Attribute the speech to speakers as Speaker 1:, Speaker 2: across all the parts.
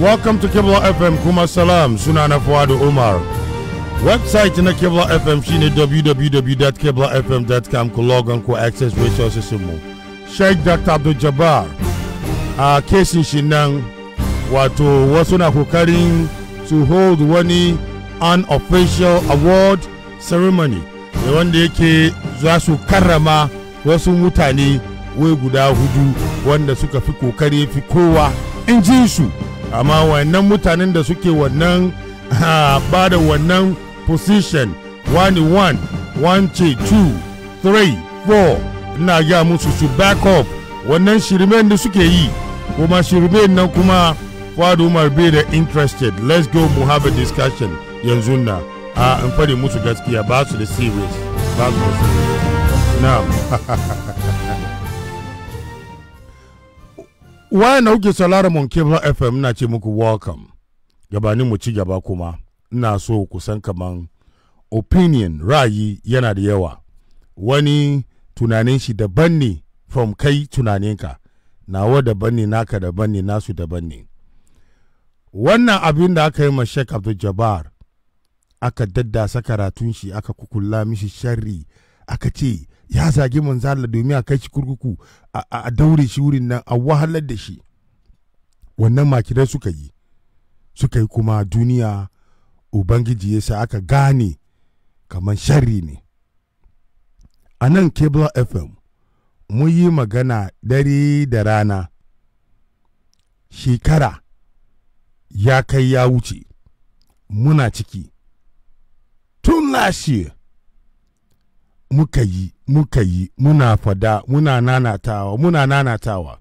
Speaker 1: Welcome to Kibla FM Kuma Salam suna na Fuadu Umar. Website na Kibla FM shine www.kiblafm.com ku on ku access resources mu. Sheikh Dr. Abdul Jabbar a kesin shi nan wato wasu na kokarin to hold wani unofficial award ceremony da wanda yake za su karrama wasu mutane wai guda hudu wanda suka fi kokari fi kowa in ji su amma wannan mutanen da suke wannan ba da wannan position 1 one 1 two three four ina gaya musu su back up wannan shirmen da suke yi kuma shirmen nan kuma fadu Umar bai da interested let's go mu have a discussion yanzu na a in fari musu gaskiya ba su da serious ba su da serious na'am waye na kuke sauraron mun Cable FM na ce muku welcome gabanin mu ci gaba kuma ina so ku san kaman opinion ra'ayi yana da yawa wani tunanin shi daban ne from kai tunaninka nawa daban ne naka daban ne nasu daban ne wannan abin da aka yi ma Sheikh Abdul aka daddasa karatun shi aka kukula mishi sharri aka ce ya zagi manzo Allah domin a kai shi kurkuku a daure shi wurin nan a wahalar da shi wannan makirai suka yi suka yi kuma duniya ubangiji ya sa aka gane kamar shari ne a nan cable fm mun yi magana dare da rana shekara ya kai ya wuce muna ciki tun last muka yi muka yi muna fada muna nanatawa muna nanatawa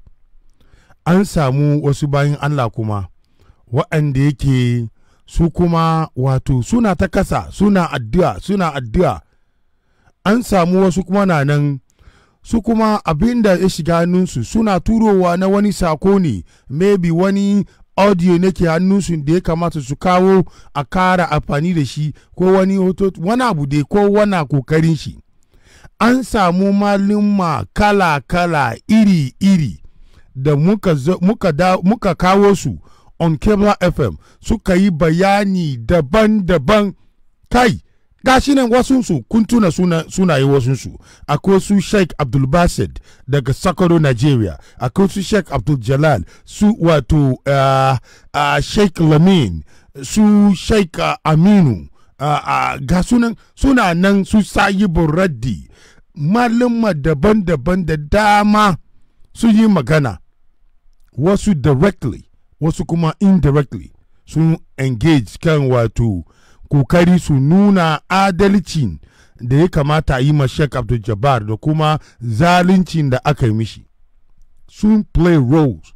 Speaker 1: an samu wasu bayan Allah kuma waɗanda yake su kuma wato suna ta kasa suna addu'a suna addu'a an samu wasu kuma na nan su kuma abin da ya shiga hannunsu suna turowa na wani sako ne maybe wani audio ne ke hannunsu da ya kamata su kawo a kara amfani da shi ko wani hoto wani abu dai ko wana kokarin shi an samu malumma kala-kala iri-iri da muka, muka, da, muka kawo su on Kebla FM suka yi bayani daban-daban kai gashi nan wasunsu kun tuna sunaye suna wasunsu akwai su sheikh abdulbasid daga sakaro nigeria akwai su sheikh abdul jalal su wato uh, uh, sheikh lamin su sheikh uh, aminu uh, uh, ga sunan suna nan su sayi raddi malama daban-daban da dama sun yi magana wasu directly wasu kuma indirectly sun engage kan wato kokari su nuna adalcin da ya kamata a yi ma Sheikh Abdul Jabbar da kuma zaluncin da aka yi mishi sun play roles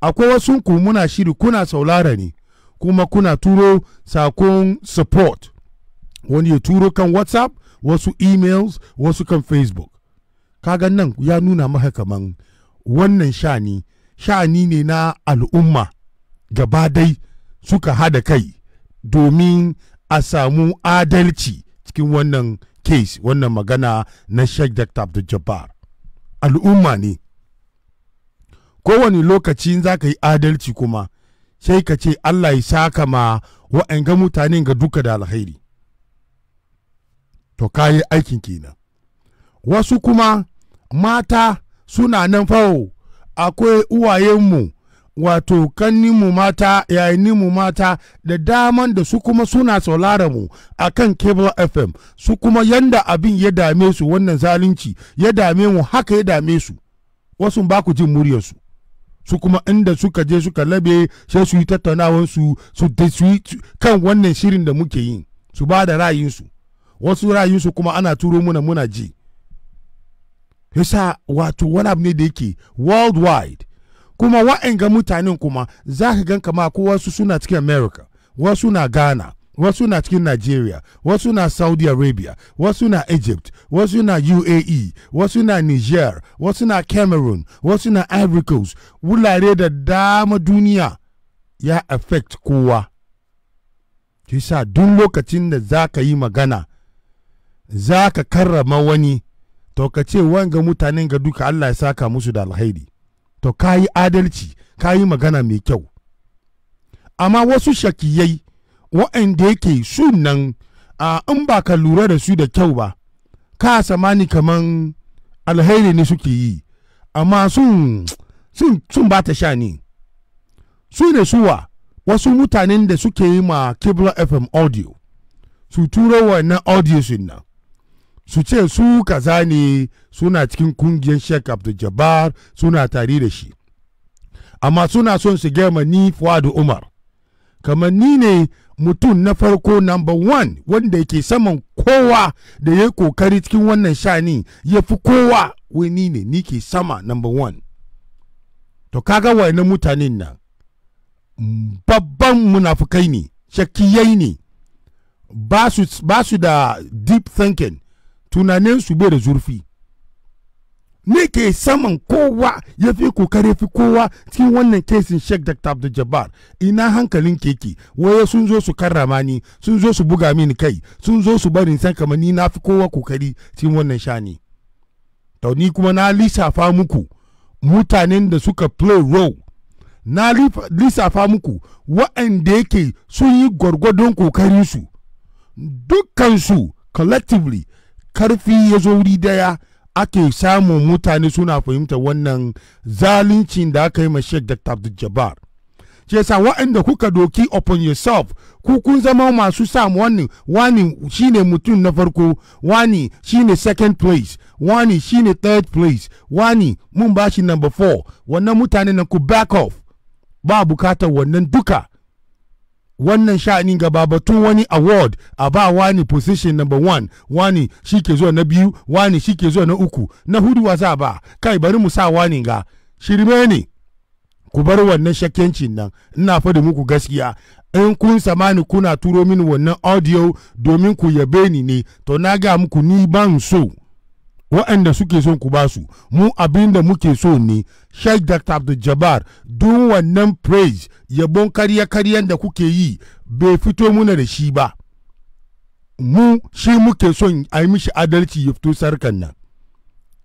Speaker 1: akwai wasu ku muna shiri kuna saulara ne kuma kuna turo sakon support wani ya turo kan whatsapp wasu emails wasu kan facebook kaga nan ya nuna maka kaman wannan shani shani ne na al'umma gaba dai suka hada kai domin a samu adalci cikin wannan case wannan magana na sheikh dr abdul jabbar al'umma ne kowane lokaci za ka yi adalci kuma sai ka ce allah ya saka ma wa'anga mutane ga duka da alheri. to kayi aikin kenan wasu kuma mata suna nan fawo akwai uwayenmu wato mu mata mu mata da daman da su kuma suna mu a kan cable fm su kuma yanda abin ya dame su wannan zalunci ya dame mu haka ya dame su wasu ba ku jin muryarsu su kuma inda suka je suka labe sai su yi tattaunawansu su kan wannan shirin da muke yi su ba da ra'ayinsu wasu rayunsu kuma ana turo muna muna ji yasa wato wani abu ne da yake worldwide kuma wa'anga mutanen kuma za ka gan kama ko wasu suna cikin america wasu na ghana wasu na cikin nigeria wasu na saudi arabia wasu na egypt wasu na uae wasu na niger wasu na cameroon wasu na ivory coast wulare da dama duniya ya affect kowa kisa duk lokacin da za ka yi magana za ka karrama wani to ka ce wanga mutanen ga duka Allah ya saka musu da alhaidi to ka yi adalci ka yi magana mai kyau amma wasu shakiyai waanda yake sunan a in ba ka lura da su da kyau ba ka samani kaman alhaidi ne suke yi amma sun sun ba ta sha ne su ne suwa wasu mutanen da suke yi ma kibla fm audio su turo na audio sun nan su ce su kaza ne suna cikin kungiyar sheikh abdul jabbar suna tare da shi amma suna son su gama ni fuadu umar kamar ni ne mutum na farko number one wanda yake saman kowa da ya kokari cikin wannan shani ya fi kowa wai ni ne ni ke sama number one to kaga wani mutanen nan babban munafukai ne shakkiyai ne ba su da deep thinking tunaninsu bai da zurfi ne ke saman kowa ya fi kokari fi kowa cikin wannan kesin sheik dr abdul ina hankalin keke waye sun zo su karrama ni sun zo su buga mini kai sun zo su barin san kamar ni na fi kowa kokari cikin wannan shani to ni kuma na lissafa muku mutanen da suka play role na lissafa muku wa'anda yake sun yi gwargwadon kokarinsu dukkansu collectively karfi ya zo wuri daya ake samun mutane suna fahimta wannan zaluncin da aka yi ma Sheikh Dr. Abdul Jabbar. sa waɗanda kuka doki upon yourself ku kun zama masu samu wani wani shine mutum na farko wani shine second place wani shine third place wani mun bashi number four wannan mutane nan ku back off ba bukatar wannan duka wannan sha'anin gaba batun wani award a ba wani position number one wani shi ke zuwa na biyu wani shi ke zuwa na uku na hudu wa ba kai bari mu sa wani ga shirme ne ku bar wannan shakkencin nan ina faɗi muku gaskiya in kun samani kuna turo mini wannan audio domin ku yabe ni ne to na ga muku ni ban so waɗanda suke son ku ba su mu abin da muke so ne sheikh dr abdul jabbar duk wannan praise yabon karya karyan da kuke yi bai fito muna da shi ba mu shi muke son a yi mishi adalci ya fito sarkan nan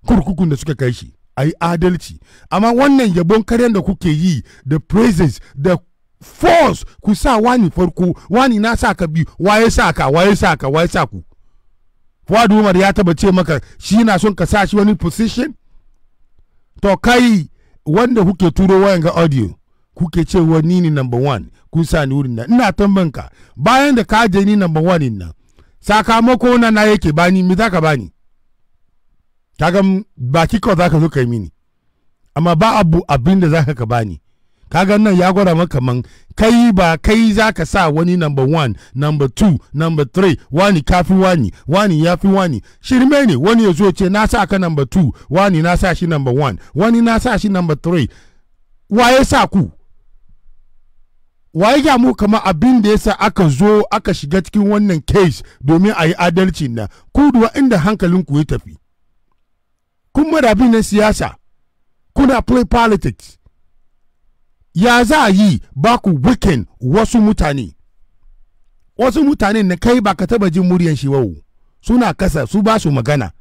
Speaker 1: kurkukun da suka kai shi a yi adalci amma wannan yabon karyan da kuke yi da praises da force ku sa wani farko wani na sa ka biyu waye sa ka waye sa ka waye sa ku Fuad Umar ya taba ce maka shi na son ka sa shi wani position to kai wanda kuke turo wayan ga audio kuke ce wani ni number one kun sa ni wurin nan ina tambayan ka bayan da ka je ni number one nan sakamako na na yake bani me zaka bani kaga baki kiko zaka zo kai mini amma ba abu abin da zaka ka bani kaga nan ya gwada maka man kai ba kai za ka sa wani number one number two number three wani kafi wani wani ya fi wani shirme ne wani ya zo ce na sa ka number two wani na sa shi number one wani na sa shi number three waye sa ku waye ya mu kama abin da yasa aka zo aka shiga cikin wannan case domin a yi adalci na ku duwa inda ku ya tafi kun marabin na siyasa kuna play politics ya za a yi ba ku wikin wasu mutane wasu mutane na kai ba ka taba jin muryan shi wau suna kasa su ba su magana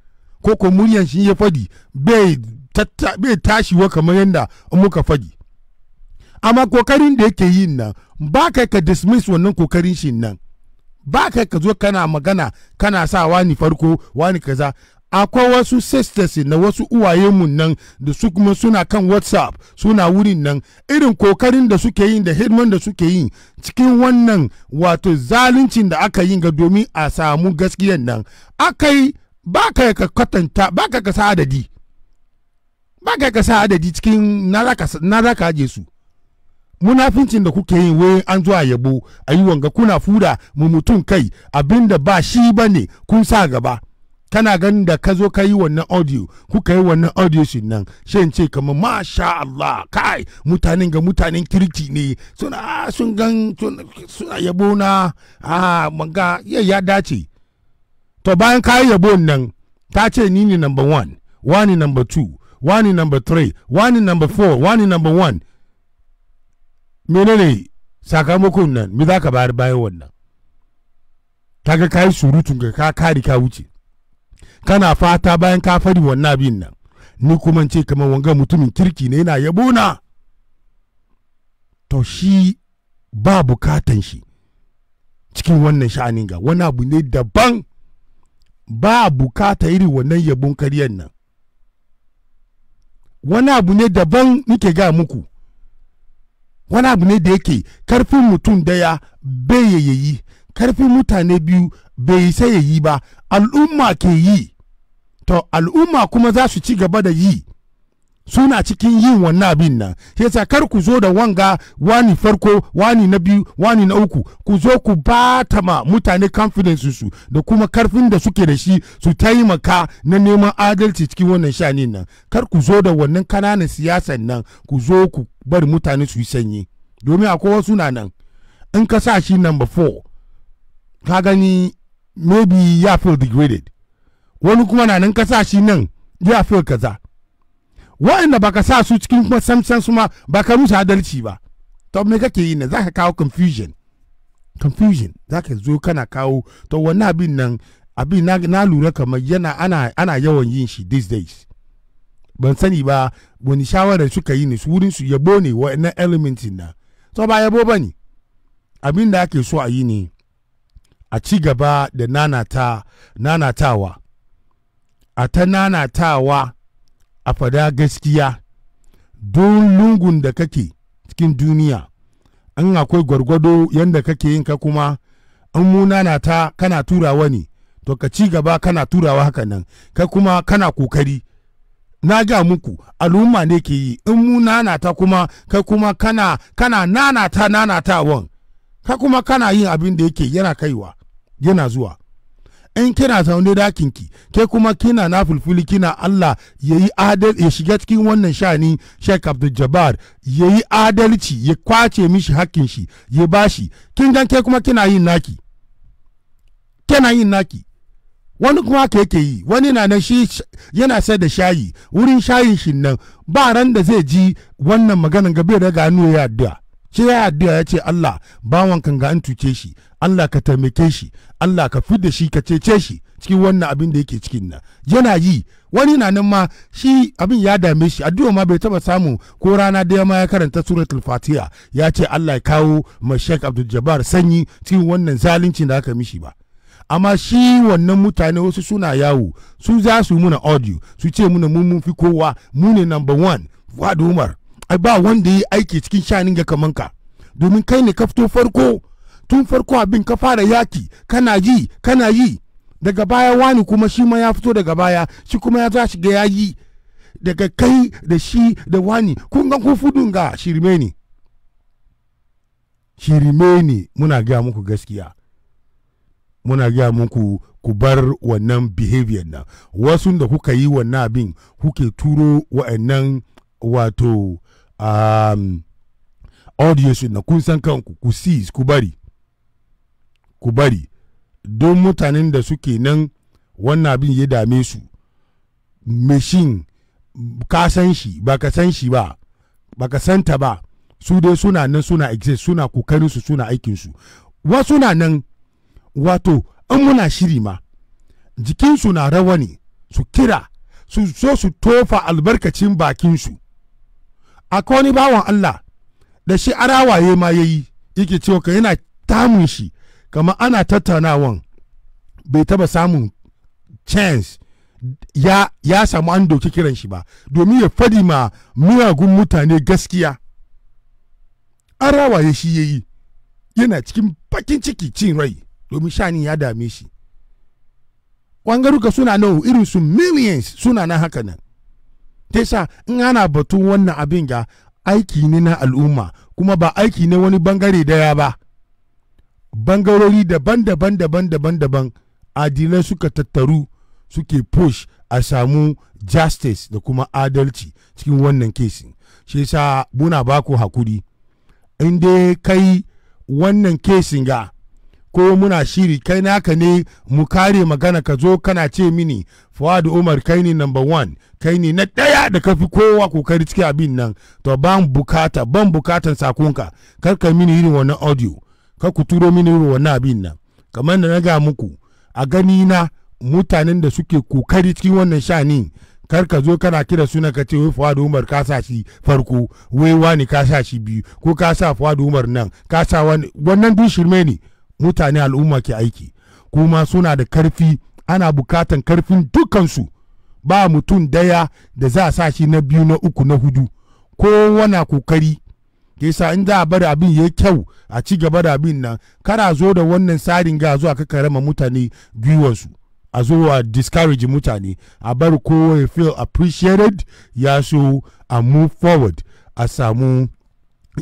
Speaker 1: ko ko muryan shi ya fadi bai tashi wa kamar yadda muka fadi amma kokarin da yake yin nan ba kai ka dismiss wannan kokarin shi nan ba kai ka zo kana magana kana sa wani farko wani kaza akwai wasu sisters na wasu uwayenmu nan da su kuma suna kan whatsapp suna wurin nan irin kokarin da suke yin da hidman da suke yi cikin wannan wato zaluncin da aka yi ga domin a samu gaskiyan nan yi ba ka ka kwatanta ba ka kasa adadi ba ka sa adadi cikin na za ka su munafincin da kuke yi wai an zuwa yabo a yi wanga kuna fura mu mutum kai abinda ba shi ba ne kun sa gaba kana ganin da ka zo ka yi wannan audio kuka yi wannan audio shi nan shan ce kamar masha Allah kai mutanen ga mutanen kirki ne suna sun gan suna yabo na a manga ya ya dace to bayan ka yi yabo nan ta ce ni ne number one wani number two wani number three wani number four wani number one menene sakamakon nan me za ka bayar bayan wannan kaga ka yi surutun ka ka kari ka wuce kana fata bayan ka fari wannan abin nan ni kuma ce kamar wanga mutumin kirki ne yana yabo na to shi ba bukatan shi cikin wannan sha'anin ga wani abu ne daban ba bukata iri wannan yabon karyar nan wani abu ne daban nike ga muku wani abu ne da yake karfin mutum daya bai yayi karfin mutane biyu bai sai yayi ba al'umma ke yi to al'umma kuma za su ci gaba da yi suna cikin yin wannan abin nan shi yasa kar ku zo da wanga wani farko wani na biyu wani na uku ku zo ku bata ma mutane confidence su da kuma karfin da suke da shi su taimaka na neman adalci cikin wannan shanin nan kar ku zo da wannan kananan siyasan nan ku zo ku bari mutane su yi sanyi domin akwai wasu na nan in ka sa shi number four ka gani maybe ya feel degraded wani kuma na nan ka sa shi nan ya fi kaza da baka sa su cikin kuma samsan su ma ba ka rusa adalci ba to me kake yi ne zaka kawo confusion confusion zaka zo kana kawo to wannan abin nan abin na, na lura kamar yana ana ana yawan yin shi these days ban sani ba wani shawarar suka yi ne su wurin su yabo ne na element na to ba yabo ba ne abin da ake so a yi ne a ci gaba da nanata nanatawa a ta nanatawa a fada gaskiya don lungun da kake cikin duniya an akwai gwargwado yadda kake yin ka kuma an munana ta kana turawa ne to ka ci gaba kana turawa haka nan ka kuma kana kokari na ga muku al'umma ne ke yi in munana ta kuma ka kuma kana kana nanata nanatawan ka kuma kana yin abin da yake yana kaiwa yana zuwa in kina zaune dakin ki ke kuma kina na fulfili kina Allah ya yi adal ya shiga cikin wannan shani Sheikh Abdul Jabbar ya yi adalci ya kwace mishi hakkin shi ya bashi kin gan ke kuma kina yin naki kina yin naki wani kuma ke yake yi wani na nan shi yana sai da shayi wurin shayin shi nan ba ran da zai ji wannan maganan gabe daga hannu ya addu'a shi ya addu'a ya ce Allah bawan kan ga an tuce shi Allah ka taimake shi Allah ka fi da shi ka cece shi cikin wannan abin da yake cikin nan yana yi wani na nan ma shi abin ya dame shi addu'a ma bai taba samu ko rana da ma ya karanta suratul fatiha ya ce Allah ya kawo mashak abdul jabbar sanyi cikin wannan zalincin da aka mishi ba amma shi wannan mutane wasu suna yawo su za su muna audio su ce muna mun fi kowa mu ne number one Fuad Umar ai ba wanda ya yi aiki cikin shanin ga kaman ka domin kai ne ka fito farko tun farko abin ka fara yaki kana yi kana yi daga baya wani kuma shi ma ya fito daga baya shi kuma ya za shiga ya yi daga kai da shi da wani kun ga kun fudun ga shirme ne shirme ne muna gaya muku gaskiya muna gaya muku ku bar wannan behavior nan wasu da kuka yi wannan abin kuke turo wa'annan wato um, na kun san kanku ku seize ku bari ku bari don mutanen da suke nan wannan abin ya dame su machine ka san shi ba ka san shi ba ba ka santa ba su dai suna nan suna exist suna kokarin su suna aikin su wasu na nan wato an muna shiri ma jikinsu na rawa ne su kira su so su tofa albarkacin bakinsu akwai wani bawan Allah da shi arawaye ma ya yi yake cewa ka yana tamun shi kama ana tattaunawan bai taba samun chance ya, ya samu an doki kiran shi ba domin ya fadi ma miyagun mutane gaskiya arawaye shi ya yi yana cikin bakin ciki cin rai domin shani ya dame shi ƙwangaruka suna nan irin su millions suna nan haka nan tesa in ana batun wannan abin ga aiki ne na al'umma kuma ba aiki ne wani bangare daya ba bangarori daban-daban daban-daban daban adilai suka tattaru suke push a samu justice da kuma adalci cikin wannan kesin shi yasa muna baku hakuri in dai kai wannan kesin ga ko muna shiri kai naka ne mu kare magana ka zo kana ce mini Fuad Umar kai ne number one kai ne na ɗaya da ka fi kowa kokari cikin abin nan to ban bukata ban bukatan sakonka kar ka mini irin wannan audio kar ku turo mini irin wannan abin nan kamar da na ga muku a gani na mutanen da suke kokari cikin wannan shani kar ka zo kana kira suna ka ce wai Fuad Umar ka sa shi farko wai wani ka sa shi biyu ko ka sa Fuad Umar nan ka sa wani wannan duk shirme ne mutane al'umma ke aiki kuma suna da karfi ana bukatan karfin dukansu ba mutum daya da za a sa shi na biyu na uku na hudu kowa na kokari sa in za a bar abin ya kyau a ci gaba da abin nan kara zo da wannan tsarin ga zuwa ka karama mutane gwiwansu a zo a discourage mutane a bar kowa ya feel appreciated ya so a move forward a samu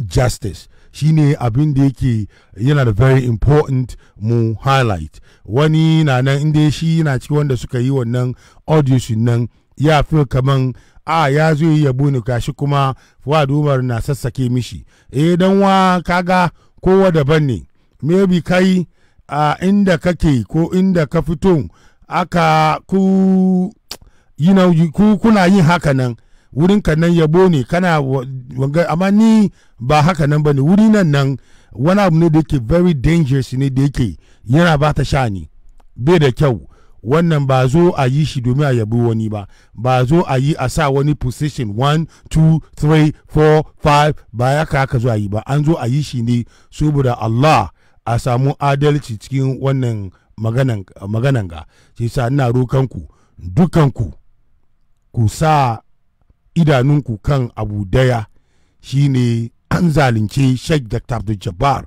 Speaker 1: justice shi ne abin da yake yana da very important mu highlight wani na nan inda shi yana ci wanda suka yi wannan audition nan ya fi kaman a ya zo yi yabo ni gashi kuma fuad umar na sassake mishi eh dan wa kaga kowa daban ne maybe kai a inda kake ko inda ka fito aka ku you know, ku kuna yin haka nan wurin ka nan yabo ne kana wanga amma ni ba haka nan bane wuri nan nan wani abu ne da yake very dangerous ne da yake yana ba ta shani bai da kyau wannan ba zo a yi shi domin a yabo wani ba ba zo a yi a sa wani position 1 2 3 4 5 ba ya ka haka zo a yi ba an zo a yi shi ne saboda Allah a samu adalci cikin wannan maganan ga shi sa ina rokanku dukanku ku sa idanunku kan abu daya shine an zalunce sheikh dr abdul jabbar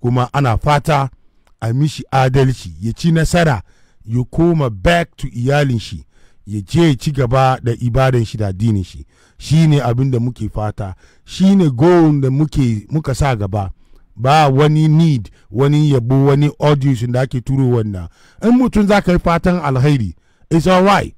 Speaker 1: kuma ana fata a mishi adalci ya ci nasara ya koma back to iyalin shi ya je ci gaba da ibadan shi da addinin shi shine abin da muke fata shine goal da muke muka sa gaba ba wani need wani yabo wani audition da ake turo wannan in mutum za ka yi fatan alheri it's alright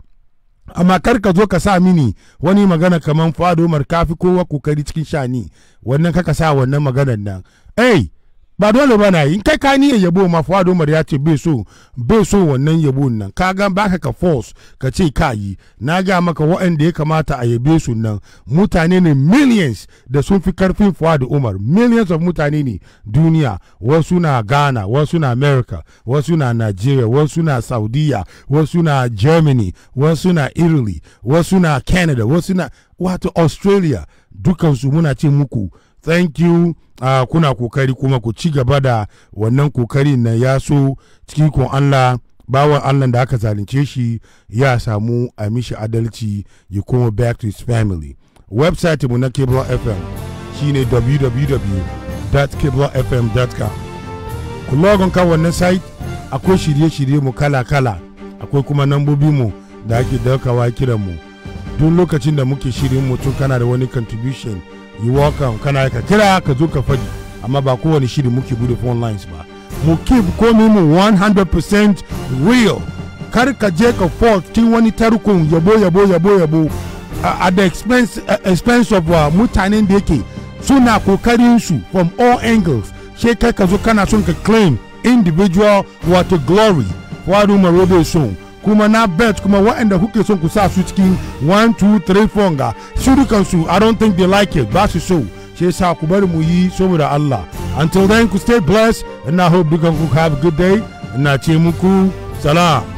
Speaker 1: amma kar ka zo ka sa mini wani magana kamar fado kafi kowa kokari cikin shani wannan kaka sa wannan maganar nan ai ba dole ba na yi kai ka niyyar yabo ma fuwa domar ya ce bai so bai so wannan yabo nan ka ga baka ka force ka ce ka yi na ga maka waɗanda ya kamata a yabe su nan mutane ne millions da sun fi karfin fuwa da umar millions of mutane ne duniya wasu na ghana wasu na america wasu na nigeria wasu na saudiya wasu na germany wasu na italy wasu na canada wasu na wato australia dukansu muna ce muku thank you uh, kuna kokari kuma ku ci gaba da wannan kokari na ya so cikin kun Allah bawan Allah da aka zalunce shi ya samu a mishi adalci ya kuma back to his family website mu na cable fm shine www.cablefm.com ku logon kan wannan site akwai shirye-shirye mu kala-kala akwai kuma nambobi mu da ake dakawa kiran mu duk lokacin da muke shirin mutum kana da wani contribution yi wakan kana ka kira ka zo ka faɗi amma ba kowane shiri muke bude phone lines ba mu keep komi mu 100% real kar ka je ka fall cikin wani tarkon yabo yabo yabo yabo at the eh, expense, of uh, mutanen da yake suna kokarin su from all angles she kai ka zo kana son ka claim individual wato glory wadu marobe song kuma na bet kuma wa'anda kuke son ku sa su cikin 1 2 3 4 ga su dukan su i don't think they like it ba su so shi sa ku bari mu yi saboda Allah until then ku stay blessed and i hope you can have a good day ina ce muku salam